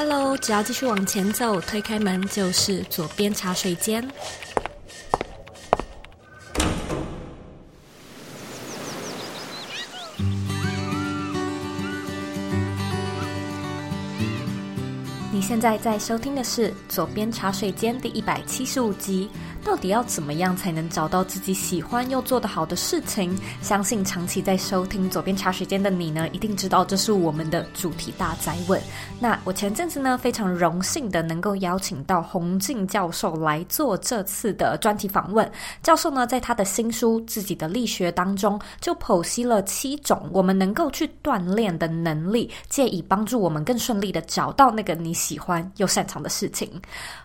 Hello，只要繼續往前走，推開門就是佐編茶水間。你現在在收聽的是《佐編茶水間》第一百七十五集。到底要怎麼樣才能找到自己喜歡又做得好的事情？相信長期在收聽佐編茶水間的你呢，一定知道這是我們的主題大哉問。那我前陣子呢，非常榮幸地能夠邀請到洪瀞教授來做這次的專題訪問。教授呢，在他的新書《自己的力學》當中，就剖析了七種我們能夠去鍛鍊的能力，借以幫助我們更順利地找到那個你喜歡又擅長的事情。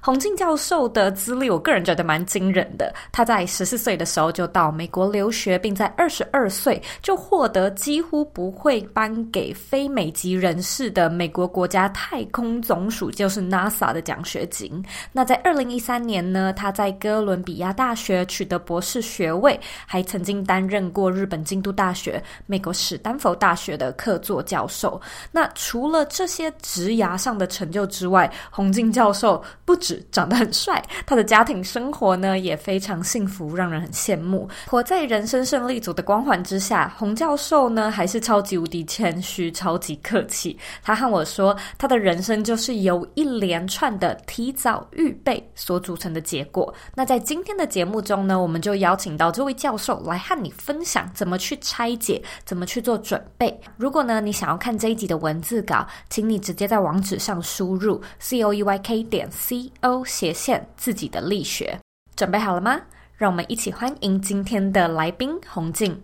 洪瀞教授的資歷，我個人覺得蠻。驚人的，他在十四歲的時候就到美國留學，並在二十二歲就獲得幾乎不會頒給非美籍人士的美國國家太空總署，就是 NASA 的獎學金。那在二零一三年呢，他在哥倫比亞大學取得博士學位，還曾經擔任過日本京都大學、美國史丹佛大學的客座教授。那除了這些職涯上的成就之外，洪瀞教授不止長得很帥，他的家庭生活呢，呢也非常幸福，讓人很羨慕。活在人生勝利組的光環之下，洪教授呢還是超級無敵謙虛、超級客氣。他和我說，他的人生就是由一連串的提早預備所組成的結果。那在今天的節目中呢，我們就邀請到這位教授來和你分享怎麼去拆解、怎麼去做準備。如果呢你想要看這一集的文字稿，請你直接在網址上輸入 c o e y k 點 c o 斜線自己的力學。準備好了嗎？讓我們一起歡迎今天的來賓洪瀞。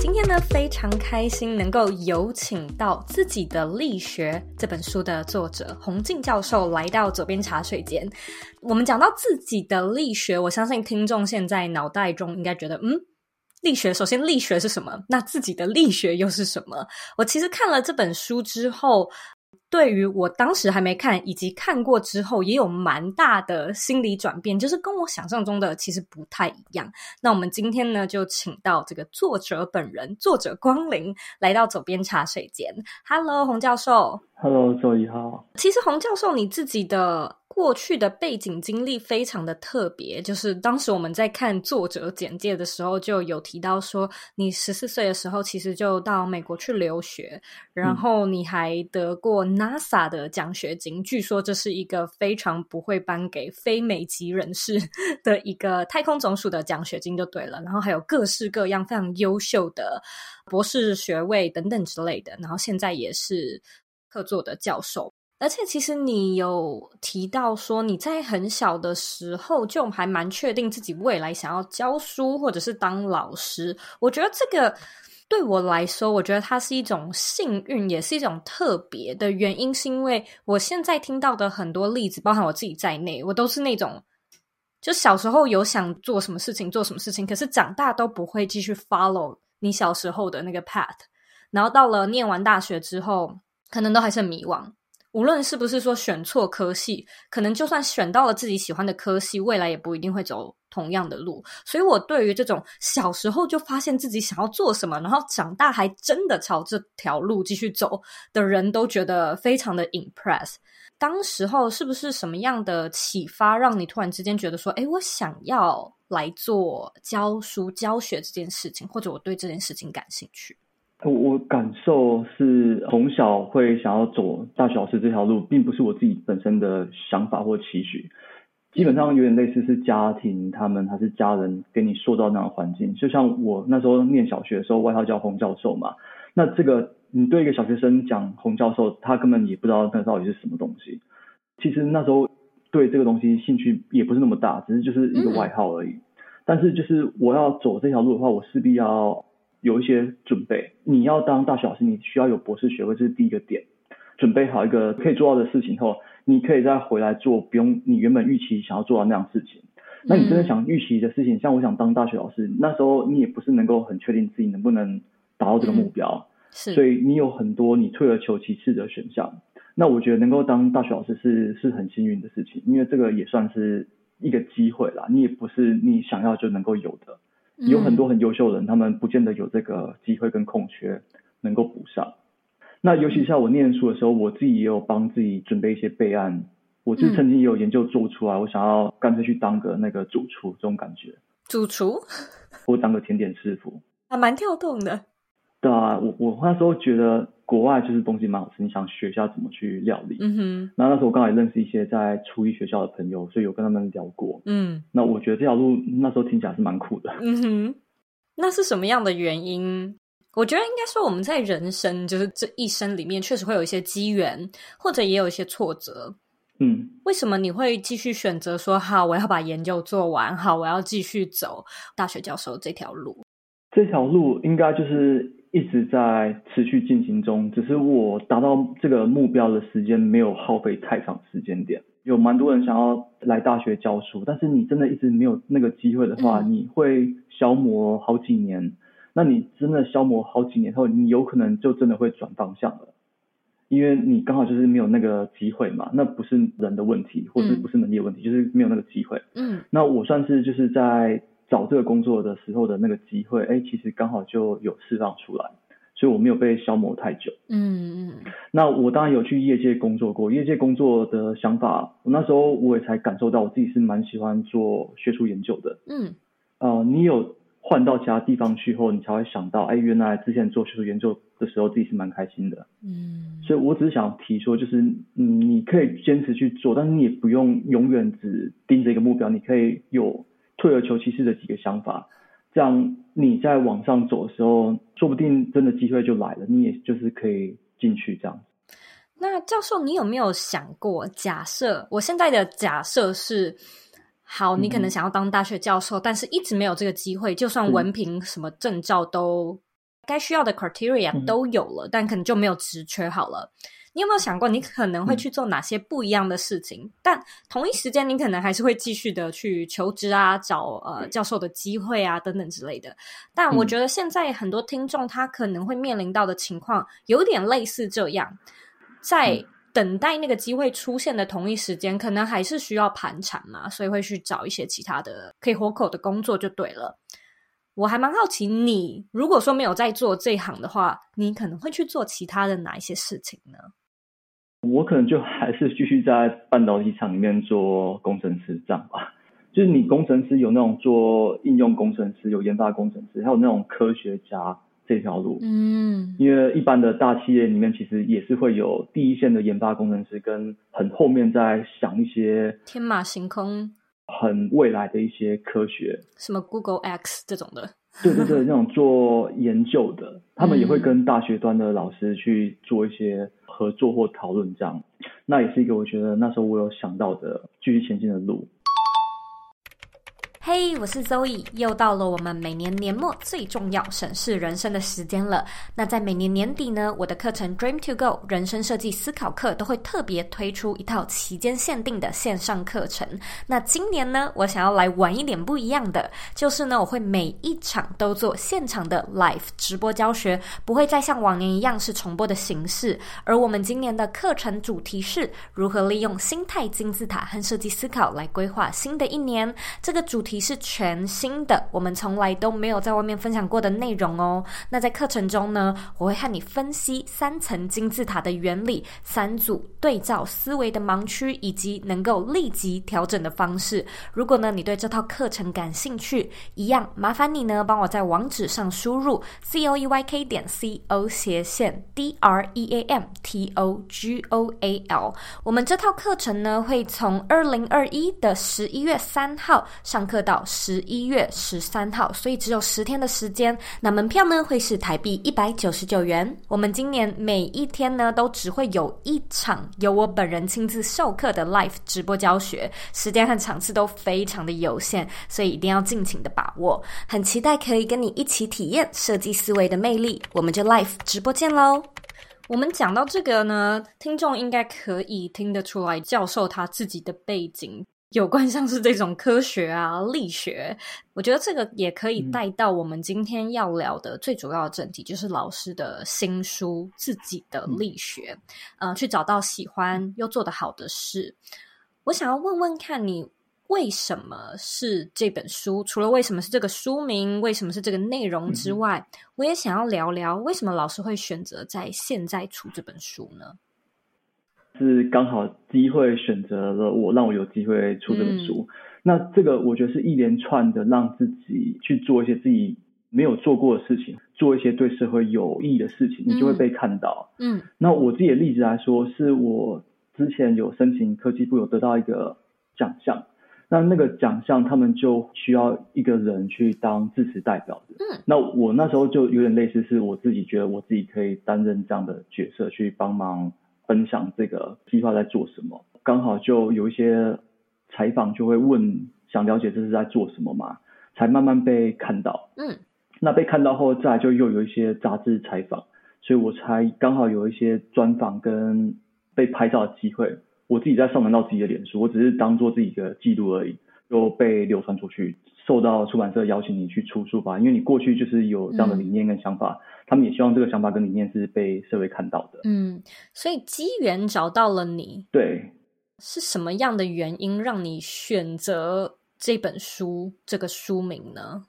今天呢，非常開心能夠有請到自己的力學這本書的作者洪瀞教授來到佐編茶水間。我們講到自己的力學，我相信聽眾現在腦袋中應該覺得，嗯。力學，首先，力學是什麼？那自己的力學又是什麼？我其實看了這本書之後，對於我當時還沒看，以及看過之後，也有蠻大的心理轉變，就是跟我想象中的其實不太一樣。那我們今天呢，就請到這個作者本人，作者光臨，來到佐編茶水間。Hello，洪教授。Hello，佐依好。其實洪教授，你自己的。過去的背景經歷非常的特別，就是當時我們在看作者簡介的時候，就有提到說，你十四歲的時候其實就到美國去留學，然後你還得過 NASA 的獎學金，嗯、據說這是一個非常不會頒給非美籍人士的一個太空總署的獎學金，就對了。然後還有各式各樣非常優秀的博士學位等等之類的，然後現在也是客座的教授。而且，其實你有提到說，你在很小的時候就還蠻確定自己未來想要教書或者是當老師，我覺得這個對我來說，我覺得它是一種幸運，也是一種特別的原因，是因為我現在聽到的很多例子，包含我自己在內，我都是那種就小時候有想做什麼事情做什麼事情，可是長大都不會繼續 follow 你小時候的那個 path，然後到了念完大學之後，可能都還是很迷惘。無論是不是說選錯科系，可能就算選到了自己喜歡的科系，未來也不一定會走同樣的路。所以我對於這種小時候就發現自己想要做什麼，然後長大還真的朝這條路繼續走的人，都覺得非常的 impress。當時候是不是什麼樣的啟發，讓你突然之間覺得說，誒，我想要來做教書教學這件事情，或者我對這件事情感興趣？我我感受是，從小會想要走大學老師這條路，並不是我自己本身的想法或期許。基本上有點類似是家庭，他們還是家人給你塑造那樣的環境。就像我那時候念小學的時候，外號叫洪教授嘛。那這個你對一個小學生講洪教授，他根本也不知道那到底是什麼東西。其實那時候對這個東西興趣也不是那麼大，只是就是一個外號而已。但是就是我要走這條路的話，我勢必要。有一些準備，你要當大學老師，你需要有博士學位，這，就是第一個點。準備好一個可以做到的事情後，你可以再回來做不用你原本預期想要做到那樣事情。嗯、那你真的想預期的事情，像我想當大學老師，那時候你也不是能夠很確定自己能不能達到這個目標，嗯、是所以你有很多你退而求其次的選項。那我覺得能夠當大學老師是是很幸運的事情，因為這個也算是一個機會啦，你也不是你想要就能夠有的。有很多很優秀的人，他們不見得有這個機會跟空缺能夠補上。那尤其是在我念書的時候，我自己也有幫自己準備一些備案。我就是曾經也有研究做出來，我想要乾脆去當個那個主廚，這種感覺。主廚，或當個甜點師傅，還蠻跳動的。對啊，我我那時候覺得國外就是東西蠻好吃，你想學一下怎麼去料理。嗯哼，那那時候我剛好也認識一些在廚藝學校的朋友，所以有跟他們聊過。嗯，那我覺得這條路那時候聽起來是蠻苦的。嗯哼，那是什麼樣的原因？我覺得應該說我們在人生就是這一生裡面確實會有一些機緣，或者也有一些挫折。嗯，為什麼你會繼續選擇說，好，我要把研究做完，好，我要繼續走大學教授這條路？這條路應該就是。一直在持續進行中，只是我達到這個目標的時間沒有耗費太長時間點。有蠻多人想要來大學教書，但是你真的一直沒有那個機會的話，你會消磨好幾年。嗯、那你真的消磨好幾年後，你有可能就真的會轉方向了，因為你剛好就是沒有那個機會嘛。那不是人的問題，或者是不是能力的問題，嗯、就是沒有那個機會。嗯，那我算是就是在。找這個工作的時候的那個機會，哎、欸，其實剛好就有釋放出來，所以我沒有被消磨太久。嗯嗯。嗯，那我當然有去業界工作過，業界工作的想法，我那時候我也才感受到，我自己是蠻喜歡做學術研究的。嗯。呃，你有換到其他地方去後，你才會想到，哎、欸，原來之前做學術研究的時候，自己是蠻開心的。嗯。所以我只是想提說，就是嗯，你可以堅持去做，但是你也不用永遠只盯着一個目標，你可以有。退而求其次的幾個想法，這樣你在往上走的時候，說不定真的機會就來了，你也就是可以進去這樣。那教授，你有沒有想過？假設我現在的假設是，好，你可能想要當大學教授，嗯、哼但是一直沒有這個機會，就算文憑、什麼證照都、嗯、該需要的 criteria 都有了，嗯、哼但可能就沒有職缺好了。你有沒有想過，你可能會去做哪些不一樣的事情？嗯、但同一時間，你可能還是會繼續的去求職啊，找呃教授的機會啊，等等之類的。但我覺得現在很多聽眾他可能會面臨到的情況，有點類似這樣：在等待那個機會出現的同一時間，可能還是需要盤纏嘛，所以會去找一些其他的可以糊口的工作就對了。我還蠻好奇你，你如果說沒有在做這一行的話，你可能會去做其他的哪一些事情呢？我可能就還是繼續在半導體廠裡面做工程師這樣吧。就是你工程師有那種做應用工程師，有研發工程師，還有那種科學家這條路。嗯，因為一般的大企業裡面其實也是會有第一線的研發工程師，跟很後面在想一些天馬行空。很未來的一些科學，什麼 Google X 這種的， 對對對，那種做研究的，他們也會跟大學端的老師去做一些合作或討論，這樣，那也是一個我覺得那時候我有想到的繼續前進的路。嘿，hey, 我是 Zoe，又到了我們每年年末最重要審視人生的時間了。那在每年年底呢，我的課程 Dream To Goal 人生設計思考課都會特別推出一套期間限定的線上課程。那今年呢，我想要來玩一點不一樣的，就是呢，我會每一場都做現場的 live 直播教學，不會再像往年一樣是重播的形式。而我們今年的課程主題是如何利用心態金字塔和設計思考來規劃新的一年。這個主題，是全新的，我們從來都沒有在外面分享過的內容哦。那在課程中呢，我會和你分析三層金字塔的原理、三組對照思維的盲區以及能夠立即調整的方式。如果呢，你對這套課程感興趣，一樣麻煩你呢，幫我在網址上輸入 c o e y k 點 c o 斜線 d r e a m t o g o a l。我們這套課程呢，會從二零二一的十一月三號上課。到十一月十三號，所以只有十天的時間。那門票呢，會是台幣一百九十九元。我們今年每一天呢，都只會有一場由我本人親自授課的 Live 直播教學，時間和場次都非常的有限，所以一定要盡情的把握。很期待可以跟你一起體驗設計思維的魅力，我們就 Live 直播見嘍。我們講到這個呢，聽眾應該可以聽得出來，教授他自己的背景。有關像是這種科學啊、力學，我覺得這個也可以帶到我們今天要聊的最主要的正題、嗯、就是老師的新書自己的力學。嗯、呃，去找到喜歡又做得好的事。我想要問問看你為什麼是這本書？除了為什麼是這個書名，為什麼是這個內容之外，嗯、我也想要聊聊為什麼老師會選擇在現在出這本書呢？是剛好機會選擇了我，讓我有機會出這本書。嗯、那這個我覺得是一連串的，讓自己去做一些自己沒有做過的事情，做一些對社會有益的事情，嗯、你就會被看到。嗯，那我自己的例子來說，是我之前有申請科技部，有得到一個獎項。那那個獎項他們就需要一個人去當支持代表的。嗯，那我那時候就有點類似，是我自己覺得我自己可以擔任這樣的角色去幫忙。分享這個計劃在做什麼，剛好就有一些採訪就會問，想了解這是在做什麼嘛，才慢慢被看到。嗯，那被看到後再來就又有一些雜誌採訪，所以我才剛好有一些專訪跟被拍照的機會。我自己在上傳到自己的臉書，我只是當做自己的記錄而已，就被流傳出去，受到出版社邀請，你去出書吧，因為你過去就是有這樣的理念跟想法。嗯他們也希望這個想法跟理念是被社會看到的。嗯，所以機緣找到了你。對，是什麼樣的原因讓你選擇這本書這個書名呢？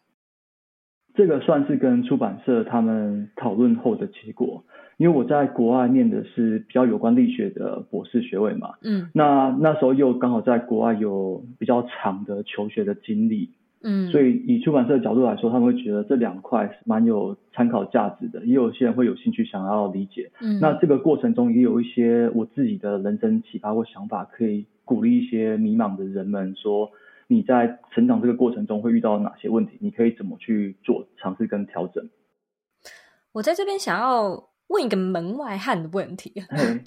這個算是跟出版社他們討論後的結果，因為我在國外念的是比較有關力學的博士學位嘛。嗯，那那時候又剛好在國外有比較長的求學的經歷。嗯，所以以出版社的角度來說，嗯，他們會覺得這兩塊是蠻有參考價值的，也有些人會有興趣想要理解。嗯，那這個過程中也有一些我自己的人生啟發或想法，可以鼓勵一些迷茫的人們說，你在成長這個過程中會遇到哪些問題，你可以怎麼去做嘗試跟調整。我在這邊想要。問一個門外漢的問題，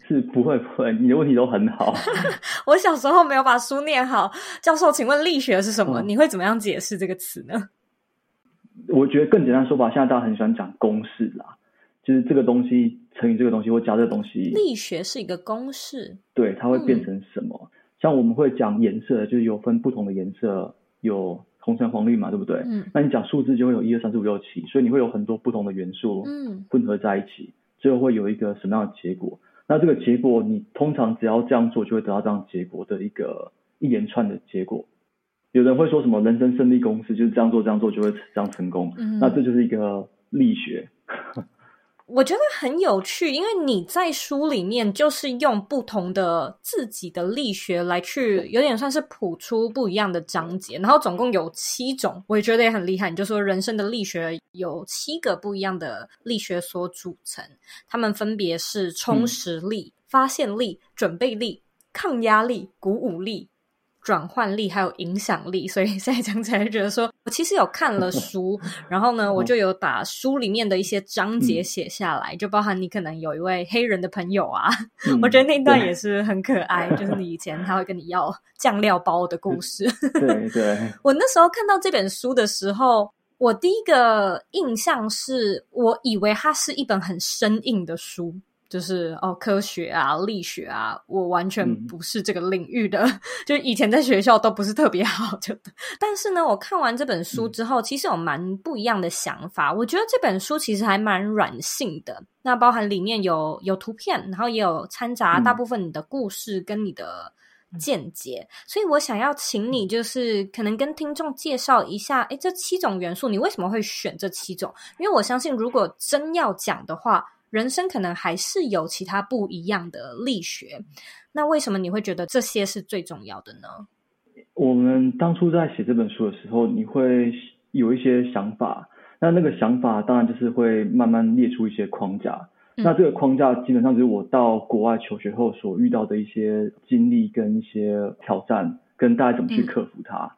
是不會不會，你的問題都很好。 我小時候沒有把書念好。教授，請問力學是什麼？哦、你會怎麼樣解釋這個詞呢？我覺得更簡單說吧，現在大家很喜歡講公式啦，就是這個東西，乘以這個東西，或加這個東西，力學是一個公式，對，它會變成什麼？嗯、像我們會講顏色，就是有分不同的顏色，有紅橙黃綠嘛，對不對？嗯。那你講數字就會有一二三四五六七，所以你會有很多不同的元素，嗯，混合在一起。嗯就會有一個什麼樣的結果？那這個結果，你通常只要這樣做，就會得到這樣結果的一個一連串的結果。有人會說什麼人生勝利公式，就是這樣做、這樣做就會這樣成功。嗯、那這就是一個力學。 我覺得很有趣，因為你在書裡面就是用不同的自己的力學來去，有點算是譜出不一樣的章節。然後總共有七種，我也覺得也很厲害。你就說人生的力學有七個不一樣的力學所組成，它們分別是充實力、發現力、準備力、抗壓力、鼓舞力。轉換力還有影響力，所以現在講起來就覺得說，我其實有看了書，然後呢，我就有把書裡面的一些章節寫下來，嗯、就包含你可能有一位黑人的朋友啊，嗯、 我覺得那段也是很可愛，對就是你以前他會跟你要醬料包的故事。對 對。對我那時候看到這本書的時候，我第一個印象是我以為它是一本很生硬的書。就是哦，科學啊，力學啊，我完全不是這個領域的，嗯、 就以前在學校都不是特別好，就。但是呢，我看完這本書之後，其實有蠻不一樣的想法。嗯、我覺得這本書其實還蠻軟性的，那包含裡面有有圖片，然後也有摻雜大部分你的故事跟你的見解。嗯、所以我想要請你，就是可能跟聽眾介紹一下，哎，這七種元素你為什麼會選這七種？因為我相信，如果真要講的話。人生可能還是有其他不一樣的力學，那為什麼你會覺得這些是最重要的呢？我們當初在寫這本書的時候，你會有一些想法，那那個想法當然就是會慢慢列出一些框架。嗯、那這個框架基本上就是我到國外求學後所遇到的一些經歷跟一些挑戰，跟大家怎麼去克服它。嗯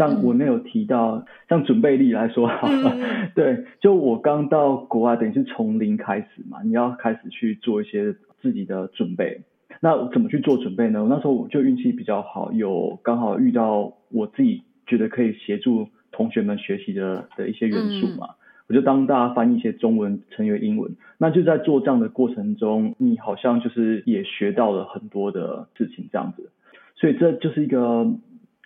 像我那有提到，嗯、像準備力來說，哈、嗯， 對，就我剛到國外，等於是從零開始嘛，你要開始去做一些自己的準備。那怎麼去做準備呢？我那時候我就運氣比較好，有剛好遇到我自己覺得可以協助同學們學習的的一些元素嘛。嗯、我就當大家翻譯一些中文成為英文，那就在做這樣的過程中，你好像就是也學到了很多的事情，這樣子。所以這就是一個。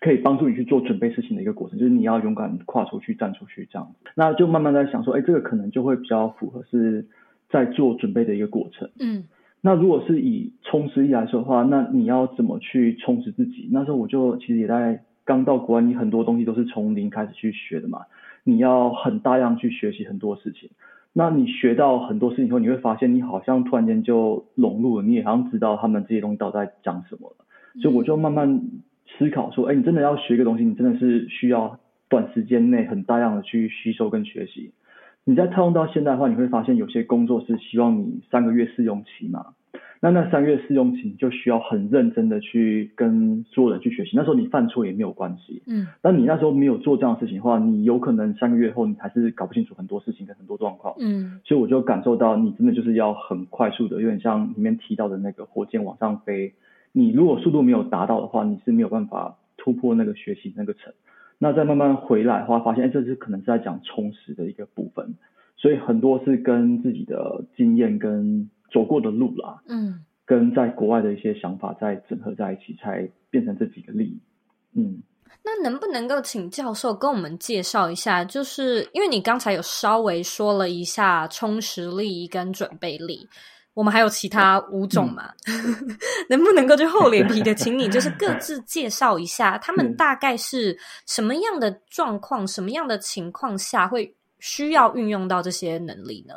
可以幫助你去做準備事情的一個過程，就是你要勇敢跨出去，站出去這樣子，那就慢慢在想說，哎，欸，這個可能就會比較符合是在做準備的一個過程。嗯，那如果是以充實力來說的話，那你要怎麼去充實自己？那時候我就其實也在剛到國外，你很多東西都是從零開始去學的嘛，你要很大量去學習很多事情。那你學到很多事情以後，你會發現你好像突然間就融入了，你也好像知道他們這些東西到底在講什麼了。嗯、所以我就慢慢。思考說，哎、欸，你真的要學一個東西，你真的是需要短時間內很大量的去吸收跟學習。你再套用到現在的話，你會發現有些工作是希望你三個月試用期嘛，那那三個月試用期你就需要很認真的去跟所有人去學習，那時候你犯錯也沒有關係。嗯。但你那時候沒有做這樣的事情的話，你有可能三個月後你還是搞不清楚很多事情跟很多狀況。嗯。所以我就感受到，你真的就是要很快速的，有點像裡面提到的那個火箭往上飛。你如果速度沒有達到的話，你是沒有辦法突破那個學習那個層。那再慢慢回來的話，發現，哎，這是可能是在講充實的一個部分。所以很多是跟自己的經驗跟走過的路啦，嗯，跟在國外的一些想法再整合在一起，才變成這幾個力。嗯，那能不能夠請教授跟我們介紹一下？就是因為你剛才有稍微說了一下充實力跟準備力。我們還有其他五種嘛？嗯、 能不能夠就厚臉皮的，請你就是各自介紹一下，他們大概是什麼樣的狀況，嗯、什麼樣的情況下會需要運用到這些能力呢？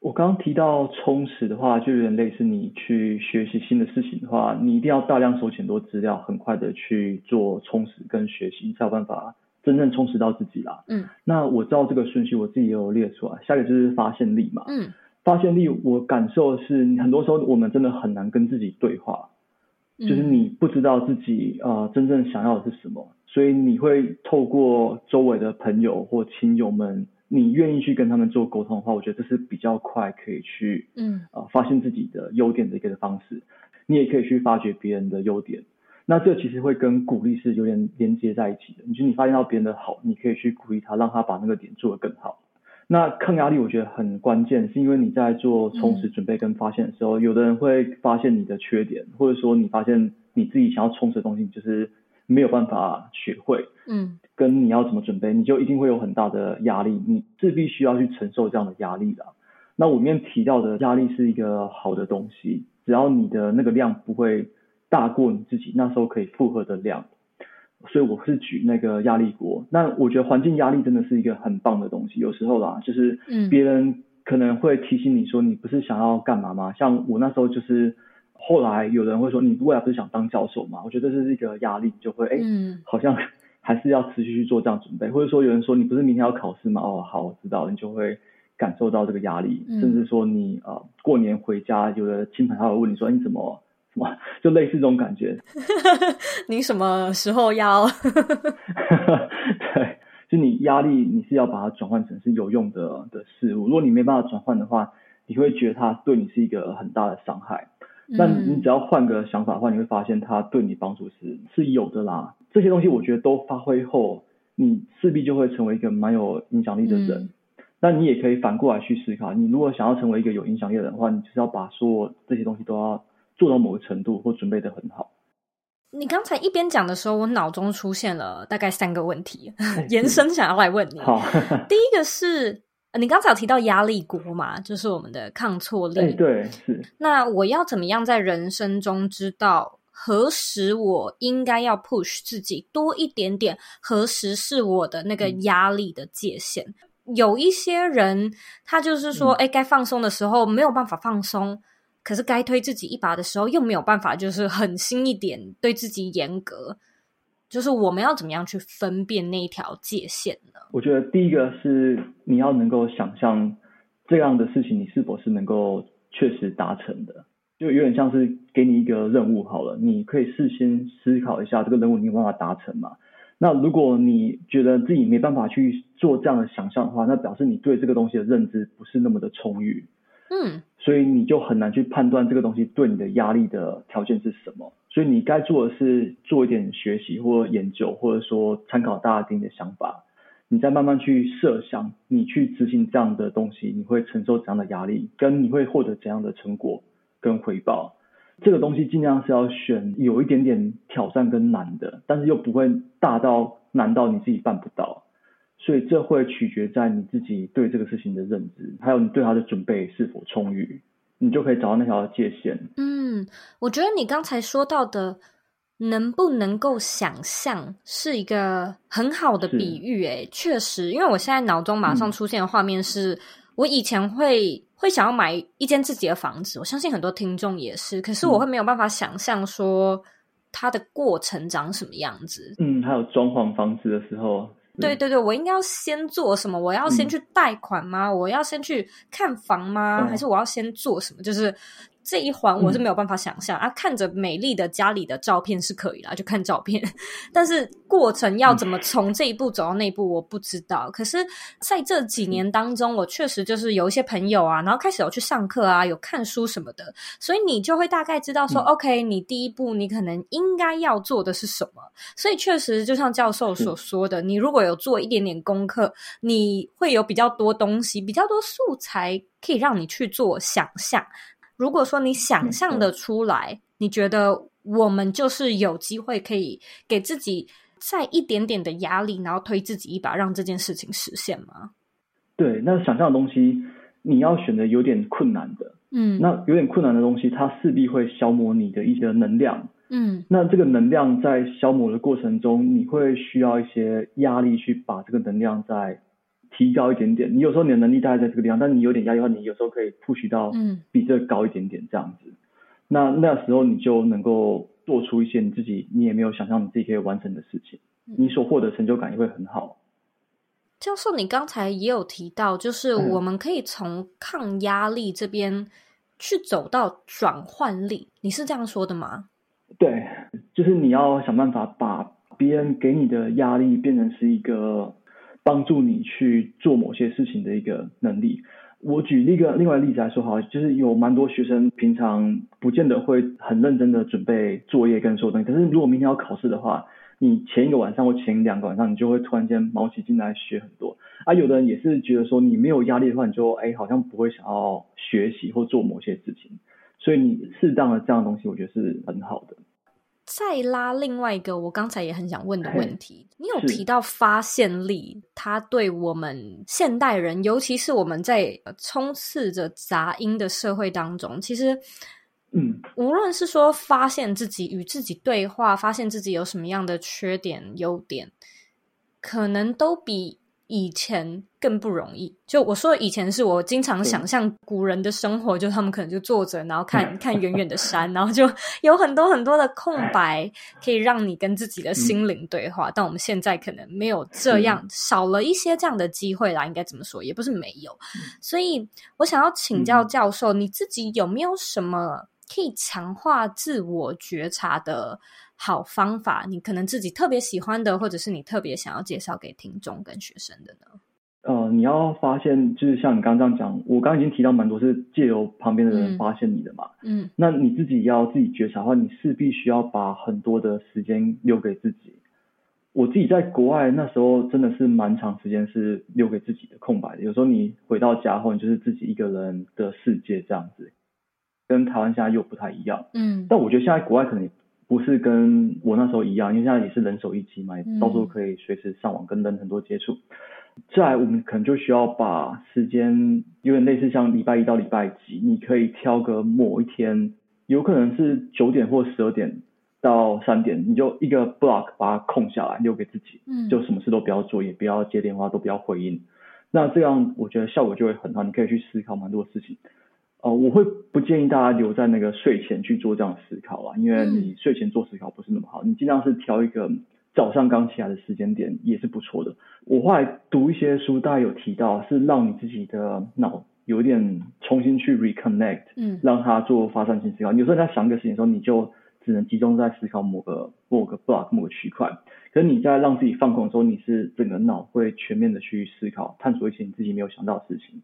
我剛剛提到充實的話，就有點類似你去學習新的事情的話，你一定要大量收很多資料，很快的去做充實跟學習，才有辦法真正充實到自己啦。嗯，那我照這個順序，我自己也有列出來，下一個就是發現力嘛。嗯。發現力，我感受的是，很多時候我們真的很難跟自己對話，就是你不知道自己啊、呃、真正想要的是什麼，所以你會透過周圍的朋友或親友們，你願意去跟他們做溝通的話，我覺得這是比較快可以去，嗯，發現自己的優點的一個方式。你也可以去發掘別人的優點，那這其實會跟鼓勵是有點連接在一起的。你就你發現到別人的好，你可以去鼓勵他，讓他把那個點做得更好。那抗壓力我覺得很關鍵，是因為你在做充實準備跟發現的時候，嗯、有的人會發現你的缺點，或者說你發現你自己想要充實的東西，你就是沒有辦法學會，嗯，跟你要怎麼準備，你就一定會有很大的壓力，你勢必需要去承受這樣的壓力的。那我裡面提到的壓力是一個好的東西，只要你的那個量不會大過你自己那時候可以負荷的量。所以我是舉那個壓力鍋，那我覺得環境壓力真的是一個很棒的東西。有時候啦，就是嗯，別人可能會提醒你說，你不是想要幹嘛嗎？嗯、像我那時候就是，後來有人會說，你未來不是想當教授嗎？我覺得這是一個壓力，你就會哎、欸，好像還是要持續去做這樣準備。嗯、或者說有人說，你不是明天要考試嗎？哦，好，我知道了，你就會感受到這個壓力。嗯、甚至說你呃過年回家，有的親朋好友問你說，你怎麼？ 就類似這種感覺。 你什麼時候要？ 對，就你壓力，你是要把它轉換成是有用的的事物。如果你沒辦法轉換的話，你會覺得它對你是一個很大的傷害。嗯、但你只要換個想法的話，你會發現它對你幫助是是有的啦。這些東西我覺得都發揮後，你勢必就會成為一個蠻有影響力的人。那、嗯、你也可以反過來去思考：你如果想要成為一個有影響力的人的話，你就是要把所有這些東西都要。做到某個程度或準備得很好。你剛才一邊講的時候，我腦中出現了大概三個問題，哎、 延伸想要來問你。好，第一個是你剛才有提到壓力鍋嘛，就是我們的抗挫力。哎、對，是。那我要怎麼樣在人生中知道何時我應該要 push 自己多一點點？何時是我的那個壓力的界限？嗯、有一些人他就是說，哎、嗯欸，該放鬆的時候沒有辦法放鬆。可是該推自己一把的時候，又沒有辦法，就是狠心一點，對自己嚴格。就是我們要怎麼樣去分辨那一條界限呢？我覺得第一個是你要能夠想象這樣的事情，你是否是能夠確實達成的？就有點像是給你一個任務好了，你可以事先思考一下這個任務你有辦法達成嘛？那如果你覺得自己沒辦法去做這樣的想象的話，那表示你對這個東西的認知不是那麼的充裕。嗯，所以你就很難去判斷這個東西對你的壓力的條件是什麼。所以你該做的是做一點學習或研究，或者說參考大家自己的想法，你再慢慢去設想，你去執行這樣的東西，你會承受怎樣的壓力，跟你會獲得怎樣的成果跟回報。這個東西儘量是要選有一點點挑戰跟難的，但是又不會大到難到你自己辦不到。所以這會取決在你自己對這個事情的認知，還有你對他的準備是否充裕，你就可以找到那條界限。嗯，我覺得你剛才說到的能不能夠想象，是一個很好的比喻、欸。誒是確實，因為我現在腦中馬上出現的畫面是，嗯、我以前會會想要買一間自己的房子，我相信很多聽眾也是，可是我會沒有辦法想象說它的過程長什麼樣子。嗯，還有裝潢房子的時候。對對對，我應該要先做什麼？我要先去貸款嗎？嗯、我要先去看房嗎？還是我要先做什麼？就是。這一環我是沒有辦法想象、嗯、啊！看着美麗的家裡的照片是可以啦，就看照片。但是過程要怎麼從這一步走到那一步，我不知道。嗯、可是在這幾年當中，我確實就是有一些朋友啊，然後開始有去上課啊，有看書什麼的，所以你就會大概知道說、嗯、OK，你第一步你可能應該要做的是什麼。所以確實，就像教授所說的，你如果有做一點點功課，你會有比較多東西、比較多素材，可以讓你去做想象。如果說你想象得出來，對你覺得我們就是有機會可以給自己再一點點的壓力，然後推自己一把，讓這件事情實現嗎？對，那想象的東西你要選擇有點困難的，嗯，那有點困難的東西，它勢必會消磨你的一些能量，嗯，那這個能量在消磨的過程中，你會需要一些壓力去把這個能量在。提高一點點，你有時候你的能力大概在這個地方，但你有點壓力的話，你有時候可以 push 到嗯比這高一點點這樣子，嗯、那那時候你就能夠做出一些你自己你也沒有想象你自己可以完成的事情，嗯、你所獲得成就感也會很好。教授，你剛才也有提到，就是我們可以從抗壓力這邊去走到轉換力，嗯、你是這樣說的嗎？對，就是你要想辦法把別人給你的壓力變成是一個。幫助你去做某些事情的一個能力。我舉另一個另外的例子來說哈，就是有蠻多學生平常不見得會很認真的準備作業跟什麼東西，可是如果明天要考試的話，你前一個晚上或前兩個晚上，你就會突然間卯起勁來學很多。啊，有的人也是覺得說你沒有壓力的話，你就，哎，好像不會想要學習或做某些事情，所以你適當的這樣的東西，我覺得是很好的。再拉另外一個，我剛才也很想問的問題，你有提到發現力，是它對我們現代人，尤其是我們在充斥着雜音的社會當中，其實，嗯，無論是說，發現自己與自己對話，發現自己有什麼樣的缺點、優點，可能都比。以前更不容易，就我說，以前是我經常想象古人的生活，對就他們可能就坐着，然後看看遠遠的山， 然後就有很多很多的空白，可以讓你跟自己的心靈對話。嗯、但我們現在可能沒有這樣，嗯、少了一些這樣的機會啦，應該怎麼說？也不是沒有，嗯、所以我想要請教教授，嗯、你自己有沒有什麼可以強化自我覺察的？好方法，你可能自己特別喜歡的，或者是你特別想要介紹給聽眾跟學生的呢？呃，你要發現，就是像你剛剛這樣講，我剛剛已經提到蠻多是借由旁邊的人發現你的嘛，嗯，嗯，那你自己要自己覺察的話，你勢必需要把很多的時間留給自己。我自己在國外那時候真的是蠻長時間是留給自己的空白的，有時候你回到家後，你就是自己一個人的世界這樣子，跟台灣現在又不太一樣，嗯，但我覺得現在國外可能。不是跟我那時候一樣，因為現在也是人手一機嘛，也到時候可以隨時上網跟人很多接觸。嗯、再來，我們可能就需要把時間有點類似像禮拜一到禮拜幾，你可以挑個某一天，有可能是九點或十二點到三點，你就一個 block 把它空下來留給自己，就什麼事都不要做，也不要接電話，都不要回應。嗯、那這樣我覺得效果就會很好，你可以去思考蠻多的事情。哦、呃，我會不建議大家留在那個睡前去做這樣的思考啊，因為你睡前做思考不是那麼好。嗯、你儘量是挑一個早上剛起來的時間點也是不錯的。我後來讀一些書，大概有提到是讓你自己的腦有一點重新去 reconnect，嗯，讓它做發散性思考。嗯、有時候你在想一個事情的時候，你就只能集中在思考某個某個 block、某個區塊。可是你在讓自己放空的時候，你是整個腦會全面的去思考，探索一些你自己沒有想到的事情。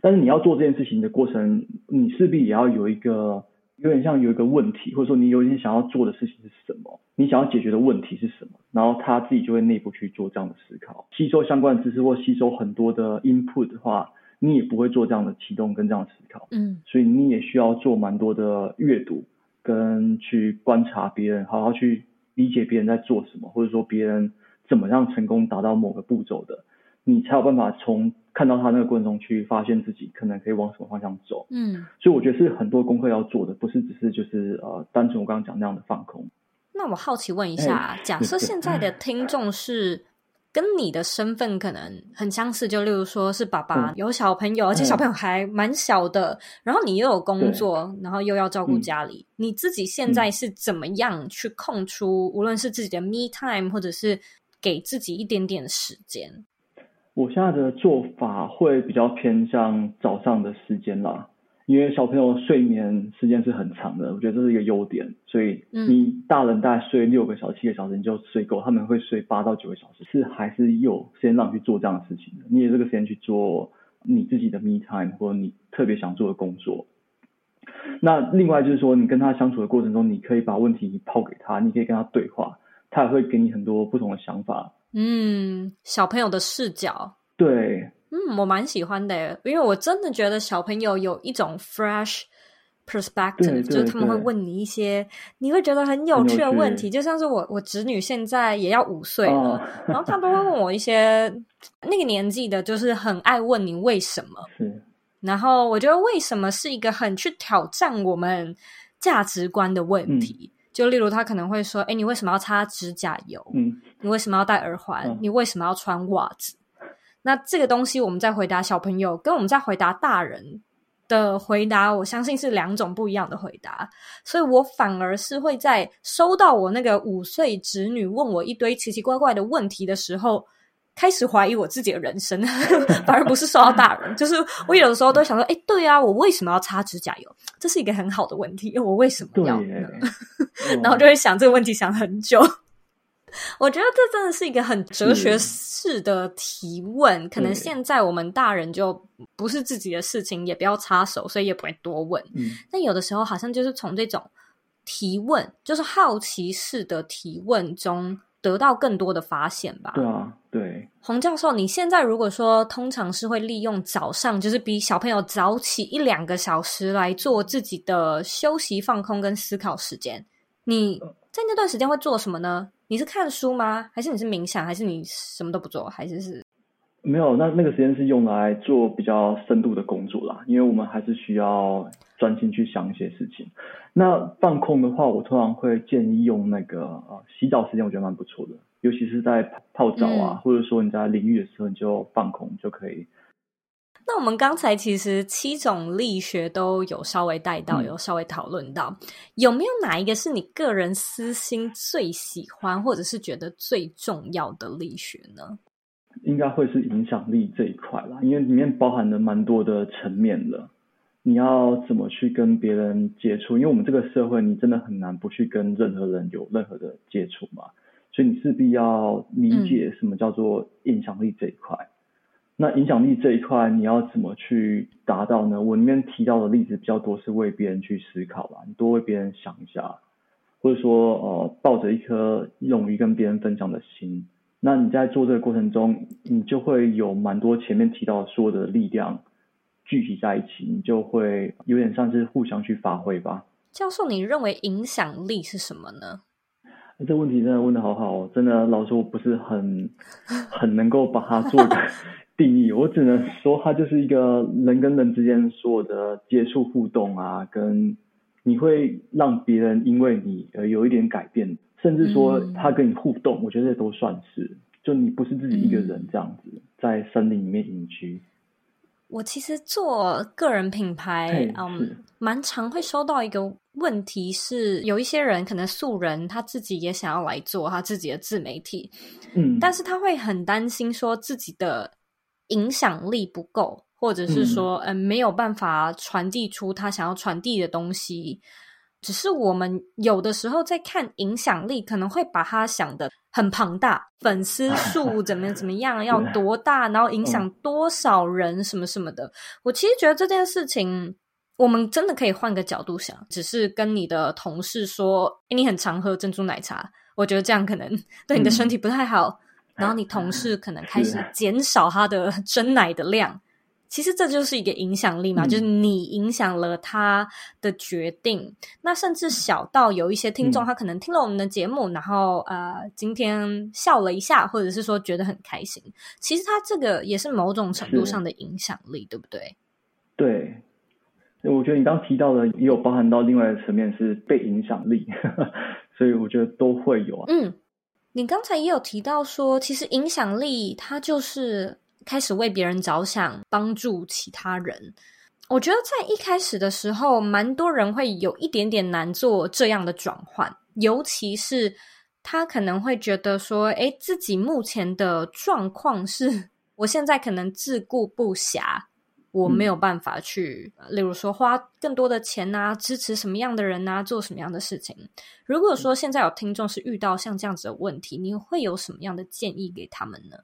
但是你要做這件事情的過程，你勢必也要有一個有點像有一個問題，或者說你有點想要做的事情是什麼，你想要解決的問題是什麼，然後他自己就會內部去做這樣的思考，吸收相關的知識或吸收很多的 input 的話，你也不會做這樣的啟動跟這樣的思考，嗯，所以你也需要做蠻多的閱讀跟去觀察別人，好好去理解別人在做什麼，或者說別人怎麼樣成功達到某個步驟的。你才有辦法從看到他那個過程中去發現自己可能可以往什麼方向走。嗯，所以我覺得是很多功課要做的，不是只是就是呃單純我剛剛講那樣的放空。那我好奇問一下，欸、假設現在的聽眾是跟你的身份可能很相似，唉就例如說是爸爸、嗯、有小朋友，而且小朋友還蠻小的，嗯、然後你又有工作，對然後又要照顧家裡，嗯、你自己現在是怎麼樣去空出，嗯、無論是自己的 me time，或者是給自己一點點時間？我現在的做法會比較偏向早上的時間啦，因為小朋友睡眠時間是很長的，我覺得這是一個優點。所以你大人大概睡六個小時、七個小時你就睡夠，他們會睡八到九個小時，是還是有時間讓你去做這樣的事情的。你有這個時間去做你自己的 me time 或者你特別想做的工作。那另外就是說，你跟他相處的過程中，你可以把問題拋給他，你可以跟他對話，他也會給你很多不同的想法。嗯，小朋友的視角，對，嗯，我蠻喜歡的，因為我真的覺得小朋友有一種 fresh perspective，就是他們會問你一些你會覺得很有趣的問題，就像是我我侄女現在也要五歲了，oh. 然後他都會問我一些 那個年紀的，就是很愛問你為什麼，是，然後我覺得為什麼是一個很去挑戰我們價值觀的問題，嗯，就例如他可能會說，哎，你為什麼要擦指甲油？嗯。你為什麼要戴耳環？嗯、你為什麼要穿襪子？那這個東西我們在回答小朋友，跟我們在回答大人的回答，我相信是兩種不一樣的回答。所以我反而是會在收到我那個五歲侄女問我一堆奇奇怪怪怪的問題的時候，開始懷疑我自己的人生。反而不是收到大人， 就是我有的時候都會想說：誒、欸，對啊，我為什麼要擦指甲油？這是一個很好的問題，我為什麼要呢？ 然後就會想這個問題，想很久。 我覺得這真的是一個很哲學式的提問。嗯、可能現在我們大人就不是自己的事情，對也不要插手，所以也不會多問。嗯、但有的時候好像就是從這種提問，就是好奇式的提問中，得到更多的發現吧。對啊，對。洪教授，你現在如果說通常是會利用早上，就是比小朋友早起一兩個小時來做自己的休息、放空跟思考時間，你在那段時間會做什麼呢？你是看書嗎？還是你是冥想？還是你什麼都不做？還是是？沒有，那那個時間是用來做比較深度的工作啦，因為我們還是需要專心去想一些事情。那放空的話，我通常會建議用那個呃洗澡時間，我覺得蠻不錯的，尤其是在泡澡啊，嗯，或者說你在淋浴的時候，你就放空就可以。那我們剛才其實七種力學都有稍微帶到，嗯、有稍微討論到，有沒有哪一個是你個人私心最喜歡，或者是覺得最重要的力學呢？應該會是影響力這一塊啦，因為裡面包含了蠻多的層面了。你要怎麼去跟別人接觸？因為我們這個社會，你真的很難不去跟任何人有任何的接觸嘛，所以你勢必要理解什麼叫做影響力這一塊。嗯。那影響力這一塊，你要怎麼去達到呢？我裡面提到的例子比較多，是為別人去思考啦，你多為別人想一下，或者說，呃，抱着一顆勇於跟別人分享的心，那你在做這個過程中，你就會有蠻多前面提到說的力量聚集在一起，你就會有點像是互相去發揮吧。教授，你認為影響力是什麼呢？這問題真的問得好好。真的老實說，我不是很、很能夠把它做的定義，我只能說它就是一個人跟人之間所有的接觸互動啊，跟你會讓別人因為你而有一點改變，甚至說他跟你互動，我覺得都算是，嗯、就你不是自己一個人這樣子在森林裡面隱居。我其實做個人品牌，嗯，蠻常會收到一個問題是，是有一些人可能素人，他自己也想要來做他自己的自媒體，嗯，但是他會很擔心說自己的影響力不夠，或者是說嗯、呃、沒有辦法傳遞出他想要傳遞的東西。只是我們有的時候在看影響力，可能會把它想得很龐大，粉絲數怎麼怎麼樣要多大，然後影響多少人什麼什麼的。我其實覺得這件事情，我們真的可以換個角度想，只是跟你的同事說，誒，你很常喝珍珠奶茶，我覺得這樣可能對你的身體不太好，然後你同事可能開始減少他的珍奶的量。其實這就是一個影響力嘛，嗯、就是你影響了他的決定，那甚至小到有一些聽眾，他可能聽了我們的節目，嗯、然後呃，今天笑了一下，或者是說覺得很開心，其實他這個也是某種程度上的影響力，是對不對？對，我覺得你剛剛提到的也有包含到另外一個層面是被影響力， 所以我覺得都會有啊。嗯，你剛才也有提到說，其實影響力它就是。開始為別人着想，幫助其他人。我覺得在一開始的時候，蠻多人會有一點點難做這樣的轉換，尤其是他可能會覺得說：“哎，自己目前的狀況是，我現在可能自顧不暇，我沒有辦法去，嗯、例如說花更多的錢吶、啊，支持什麼樣的人吶、啊，做什麼樣的事情。”如果說現在有聽眾是遇到像這樣子的問題，你會有什麼樣的建議給他們呢？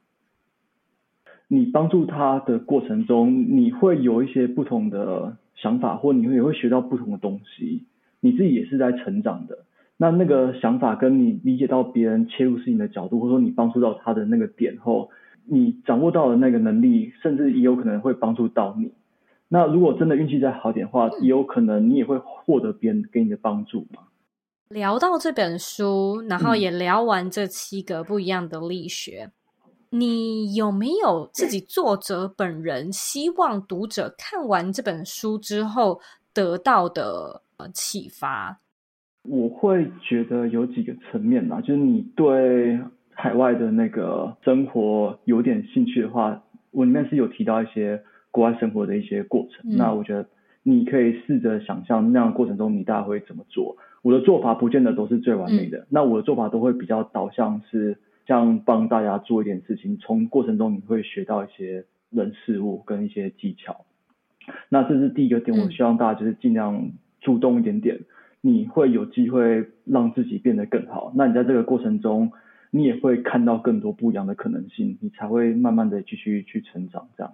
你幫助他的過程中，你會有一些不同的想法，或你會也會學到不同的東西。你自己也是在成長的。那那個想法跟你理解到別人切入事情的角度，或者說你幫助到他的那個點後，你掌握到的那個能力，甚至也有可能會幫助到你。那如果真的運氣再好點的話，也有可能你也會獲得別人給你的幫助嘛。聊到這本書，然後也聊完這七個不一樣的力學。嗯你有沒有自己，作者本人希望讀者看完這本書之後得到的、呃、啟發？我會覺得有幾個層面吧，就是你對海外的那個生活有點興趣的話，我裡面是有提到一些國外生活的一些過程。嗯、那我覺得你可以試着想象那樣的過程中你大概會怎麼做。我的做法不見得都是最完美的，嗯、那我的做法都會比較導向是。這樣幫大家做一點事情，從過程中你會學到一些人事物跟一些技巧。那這是第一個點，我希望大家就是盡量主動一點點，是你會有機會讓自己變得更好。那你在這個過程中，你也會看到更多不一樣的可能性，你才會慢慢的繼續去成長。這樣，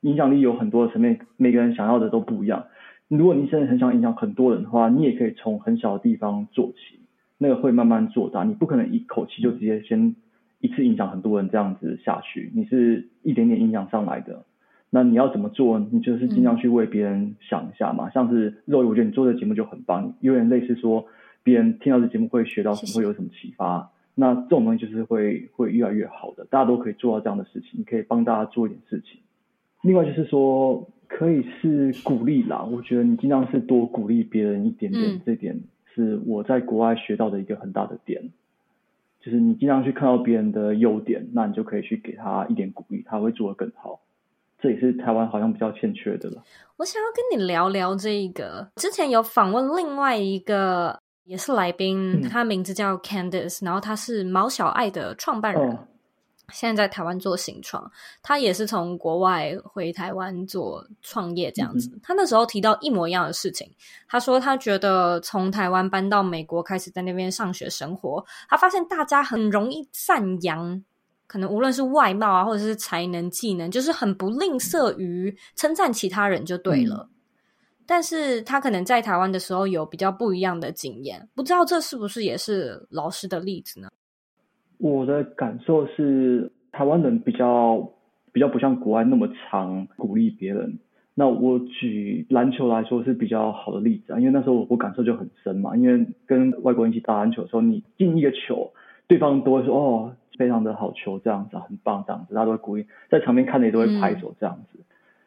影響力有很多層面，每個人想要的都不一樣。如果你現在很想影響很多人的話，你也可以從很小的地方做起。那個會慢慢做大，啊，你不可能一口氣就直接先一次影響很多人這樣子下去，你是一點點影響上來的。那你要怎麼做？你就是盡量去為別人想一下嘛。嗯、像是肉，我覺得你做的節目就很棒，有點類似說別人聽到這節目會學到什麼，什會有什麼啟發。嗯、那這種東西就是會會越來越好的，大家都可以做到這樣的事情，你可以幫大家做一點事情。另外就是說，可以是鼓勵啦，我覺得你盡量是多鼓勵別人一點點這點。嗯是我在國外學到的一個很大的點，就是你經常去看到別人的優點，那你就可以去給他一點鼓勵，他會做得更好。這也是台灣好像比較欠缺的了。我想要跟你聊聊這個，之前有訪問另外一個也是來賓，他、嗯、名字叫 Candice，然後他是毛小愛的創辦人。哦現在在台灣做新創，他也是從國外回台灣做創業這樣子。嗯嗯，他那時候提到一模一樣的事情，他說他覺得從台灣搬到美國開始在那邊上學生活，他發現大家很容易讚揚，可能無論是外貌啊，或者是才能、技能，就是很不吝嗇於稱讚其他人就對了。嗯、但是他可能在台灣的時候有比較不一樣的經驗，不知道這是不是也是老師的例子呢？我的感受是，台灣人比較比較不像國外那麼常鼓勵別人。那我舉籃球來說是比較好的例子啊，因為那時候我感受就很深嘛。因為跟外國人一起打籃球的時候，你進一個球，對方都會說哦，非常的好球這樣子，很棒這樣子，大家都會鼓勵，在場邊看的也都會拍手這樣子。嗯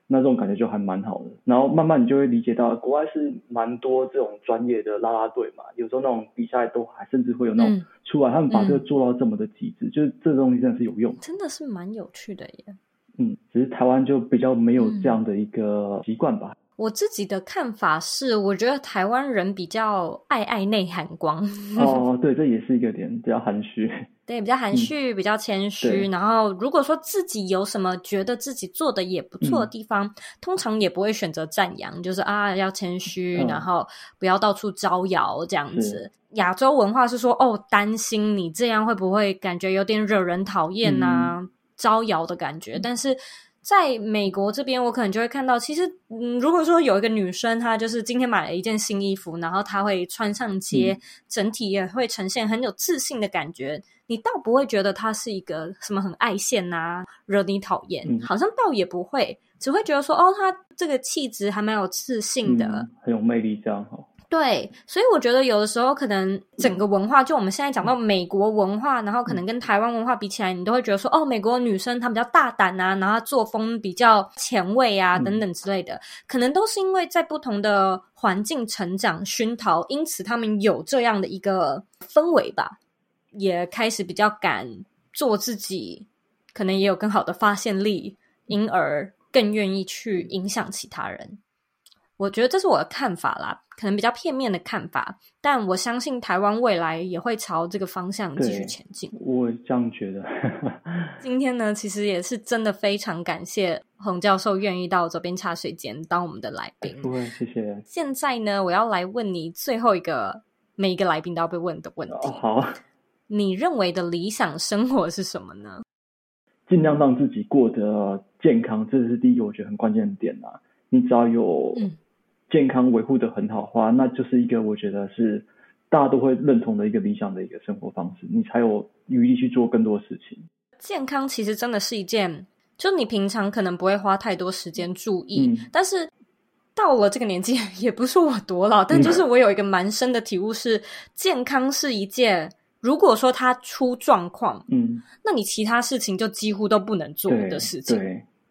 那這種感覺就還蠻好的，然後慢慢你就會理解到，國外是蠻多這種專業的啦啦隊嘛，有時候那種比賽都還甚至會有那種出來，他們把這個做到這麼的極致，嗯、就是這東西真的是有用，真的是蠻有趣的耶。嗯，只是台灣就比較沒有這樣的一個習慣吧。我自己的看法是，我覺得台灣人比較愛愛內含光。哦 ，oh, 對，這也是一個點，比較含蓄。對，比較含蓄，嗯、比較謙虛。對然後，如果說自己有什麼覺得自己做得也不錯的地方，嗯、通常也不會選擇讚揚，就是啊，要謙虛，嗯、然後不要到處招搖這樣子。是亞洲文化是說，哦，擔心你這樣會不會感覺有點惹人討厭啊，嗯、招搖的感覺，但是。在美國這邊，我可能就會看到，其實，嗯，如果說有一個女生，她就是今天買了一件新衣服，然後她會穿上街，嗯、整體也會呈現很有自信的感覺。你倒不會覺得她是一個什麼很愛現吶、啊，惹你討厭，好像倒也不會，只會覺得說，哦，她這個氣質還蠻有自信的，嗯、很有魅力這樣哈、哦。對，所以我覺得有的時候可能整個文化，就我們現在講到美國文化，然後可能跟台灣文化比起來，你都會覺得說，哦，美國女生她比較大膽啊，然後她作風比較前衛啊，等等之類的，可能都是因為在不同的環境成長熏陶，因此他們有這樣的一個氛圍吧，也開始比較敢做自己，可能也有更好的發現力，因而更願意去影響其他人。我覺得這是我的看法啦。可能比較片面的看法，但我相信台灣未來也會朝這個方向繼續前進。我這樣覺得。 今天呢，其實也是真的非常感謝洪教授願意到佐編茶水間當我們的來賓。不會、哎，謝謝。現在呢，我要來問你最後一個，每一個來賓都要被問的問題哦。好。你認為的理想生活是什麼呢？盡量讓自己過得健康，這是第一個我覺得很關鍵的點、啊、你只要有、嗯健康維護得很好的話，那就是一個我覺得是大家都會認同的一個理想的一個生活方式，你才有餘力去做更多事情。健康其實真的是一件，就你平常可能不會花太多時間注意，嗯、但是到了這個年紀，也不是我多老，但就是我有一個蠻深的體悟是，嗯、健康是一件，如果說它出狀況，嗯，那你其他事情就幾乎都不能做對的事情。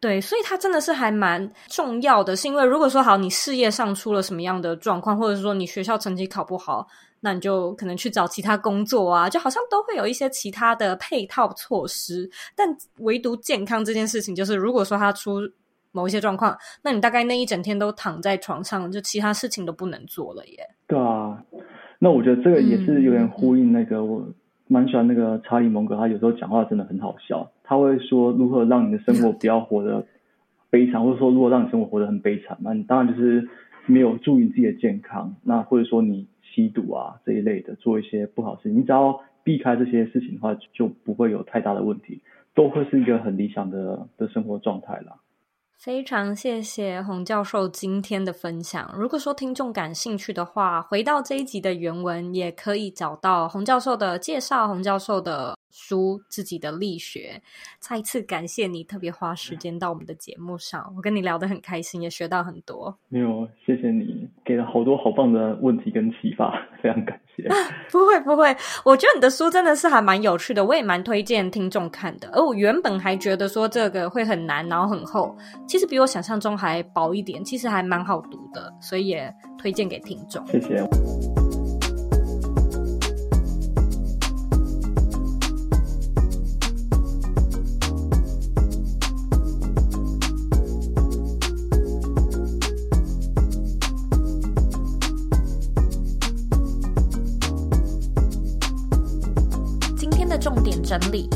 對，所以他真的是還蠻重要的，是因為如果說好，你事業上出了什麼樣的狀況，或者說你學校成績考不好，那你就可能去找其他工作啊，就好像都會有一些其他的配套措施，但唯獨健康這件事情，就是如果說他出某一些狀況，那你大概那一整天都躺在床上，就其他事情都不能做了耶。對啊，那我覺得這個也是有點呼應那個，嗯、我蠻喜歡那個查理蒙格，他有時候講話真的很好笑。他會說，如何讓你的生活不要活得悲慘，或者說如何讓你生活活得很悲慘，那你當然就是沒有注意自己的健康，那或者說你吸毒啊這一類的做一些不好事，你只要避開這些事情的話，就不會有太大的問題，都會是一個很理想的的生活狀態了。非常謝謝洪教授今天的分享。如果說聽眾感興趣的話，回到這一集的原文也可以找到洪教授的介紹，洪教授的。書自己的力學，再一次感謝你特別花時間到我們的節目上，我跟你聊得很開心，也學到很多。沒有，謝謝你給了好多好棒的問題跟啟發，非常感謝。 不會不會，我覺得你的書真的是還蠻有趣的，我也蠻推薦聽眾看的。而我原本還覺得說這個會很難，然後很厚，其實比我想象中還薄一點，其實還蠻好讀的，所以也推薦給聽眾。謝謝。整理。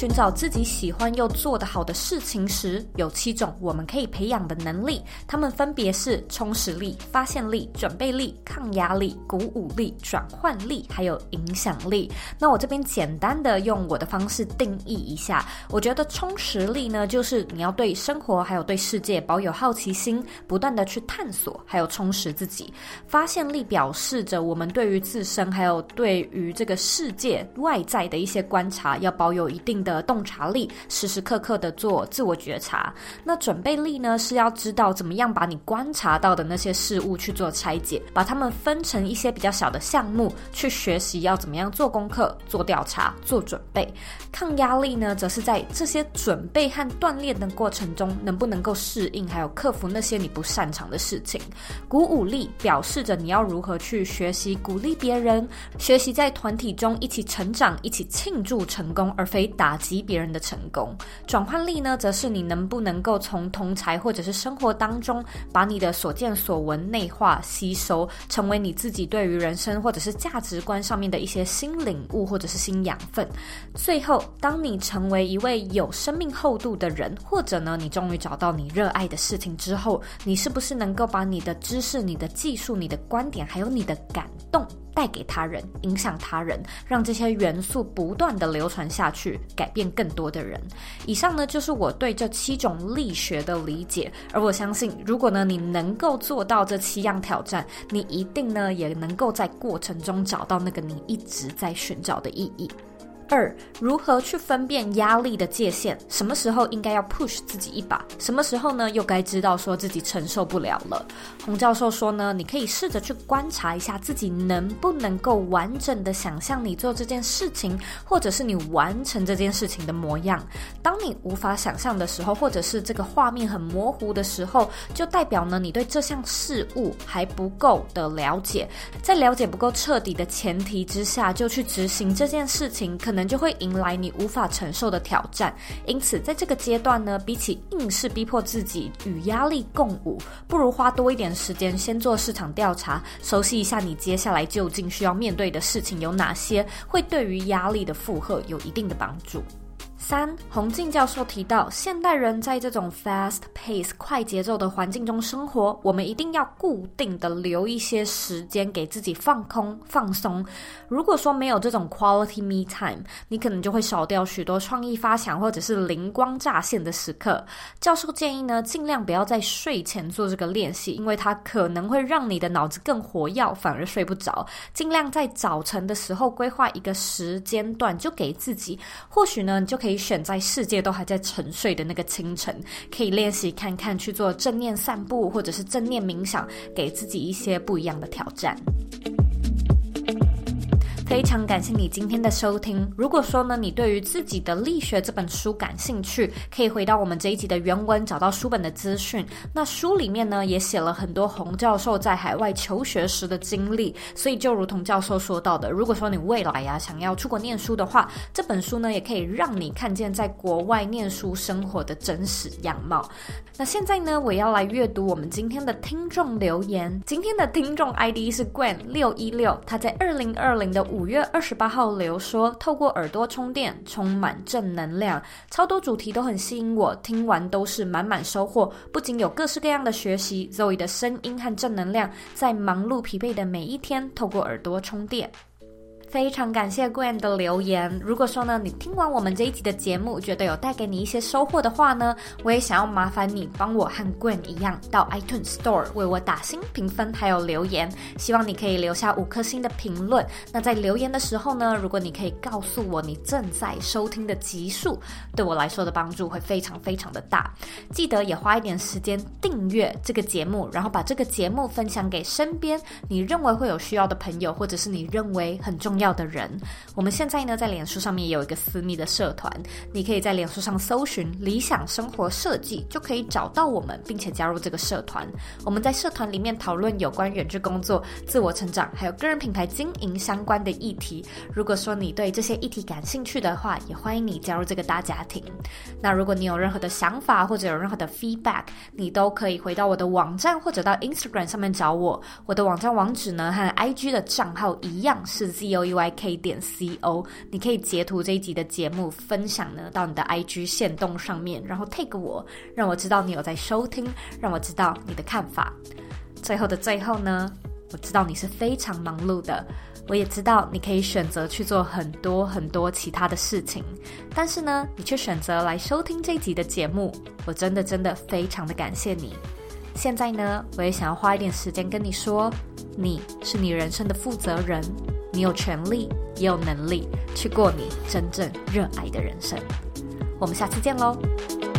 尋找自己喜歡又做得好的事情時，有七種我們可以培養的能力，他們分別是充實力、發現力、準備力、抗壓力、鼓舞力、轉換力，還有影響力。那我這邊簡單的用我的方式定義一下，我覺得充實力呢，就是你要對生活還有對世界保有好奇心，不斷的去探索，還有充實自己。發現力表示着我們對於自身還有對於這個世界外在的一些觀察，要保有一定的的洞察力，時時刻刻的做自我覺察。那準備力呢，是要知道怎麼樣把你觀察到的那些事物去做拆解，把它們分成一些比較小的項目去學習，要怎麼樣做功課、做調查、做準備。抗壓力呢，則是在這些準備和鍛鍊的過程中，能不能夠適應，還有克服那些你不擅長的事情。鼓舞力表示着你要如何去學習，鼓勵別人，學習在團體中一起成長，一起慶祝成功，而非打。及別人的成功。轉換力呢，則是你能不能夠從同儕或者是生活當中，把你的所見所聞內化吸收，成為你自己對於人生或者是價值觀上面的一些新領悟或者是新養分。最後，當你成為一位有生命厚度的人，或者呢，你終於找到你熱愛的事情之後，你是不是能夠把你的知識、你的技術、你的觀點，還有你的感動，帶給他人，影響他人，讓這些元素不斷的流傳下去，改變更多的人。以上呢，就是我對這七種力學的理解。而我相信，如果呢，你能夠做到這七樣挑戰，你一定呢，也能夠在過程中找到那個你一直在尋找的意義。二，如何去分辨壓力的界限？什麼時候應該要 push 自己一把？什麼時候呢？又該知道說自己承受不了了。洪教授說呢，你可以試着去觀察一下自己能不能夠完整的想象你做這件事情，或者是你完成這件事情的模樣。當你無法想象的時候，或者是這個畫面很模糊的時候，就代表呢，你對這項事物還不夠的了解。在了解不夠徹底的前提之下，就去執行這件事情，可能。可能就會迎來你無法承受的挑戰，因此在這個階段呢，比起硬是逼迫自己與壓力共舞，不如花多一點時間先做市場調查，熟悉一下你接下來究竟需要面對的事情有哪些，會對於壓力的負荷有一定的幫助。三、洪瀞教授提到，現代人在這種 fast pace 快節奏的環境中生活，我們一定要固定的留一些時間給自己放空、放鬆。如果說沒有這種 quality me time，你可能就會少掉許多創意發想或者是靈光乍現的時刻。教授建議呢，盡量不要在睡前做這個練習，因為它可能會讓你的腦子更活躍，反而睡不着。盡量在早晨的時候規劃一個時間段，就給自己，或許呢，你就可以。可以選在世界都還在沉睡的那個清晨，可以練習看看去做正念散步，或者是正念冥想，給自己一些不一樣的挑戰。非常感謝你今天的收聽。如果說呢，你對於自己的力學這本書感興趣，可以回到我們這一集的原文，找到書本的資訊。那書裡面呢，也寫了很多洪教授在海外求學時的經歷。所以，就如同教授說到的，如果說你未來呀、啊、想要出國念書的話，這本書呢也可以讓你看見在國外念書生活的真實樣貌。那現在呢，我要來閱讀我們今天的聽眾留言。今天的聽眾 ID 是 Gwen 六一六，他在二零二零的五。五月二十八號，劉說：“透過耳朵充電，充滿正能量，超多主題都很吸引我，聽完都是滿滿收穫。不僅有各式各樣的學習 z o e 的聲音和正能量，在忙碌疲憊的每一天，透過耳朵充電。”非常感謝 Gwen 的留言。如果說呢，你聽完我們這一集的節目，覺得有帶給你一些收穫的話呢，我也想要麻煩你幫我和 Gwen 一樣，到 iTunes Store 為我打星評分，還有留言。希望你可以留下五顆星的評論。那在留言的時候呢，如果你可以告訴我你正在收聽的集數，對我來說的幫助會非常非常的大。記得也花一點時間訂閱這個節目，然後把這個節目分享給身邊你認為會有需要的朋友，或者是你認為很重要要的人，我們現在呢在臉書上面有一個私密的社團，你可以在臉書上搜尋“理想生活設計”，就可以找到我們，並且加入這個社團。我們在社團裡面討論有關遠距工作、自我成長，還有個人品牌經營相關的議題。如果說你對這些議題感興趣的話，也歡迎你加入這個大家庭。那如果你有任何的想法或者有任何的 feedback，你都可以回到我的網站或者到 Instagram 上面找我。我的網站網址呢和 IG 的賬號一樣是 Zoe。YK 點 CO，你可以截圖這一集的節目分享呢到你的 IG 限動上面，然後 take 我，讓我知道你有在收聽，讓我知道你的看法。最後的最後呢，我知道你是非常忙碌的，我也知道你可以選擇去做很多很多其他的事情，但是呢，你卻選擇來收聽這一集的節目，我真的真的非常的感謝你。現在呢，我也想要花一點時間跟你說，你是你人生的負責人。你有權利，也有能力去過你真正熱愛的人生。我們下期見嘍！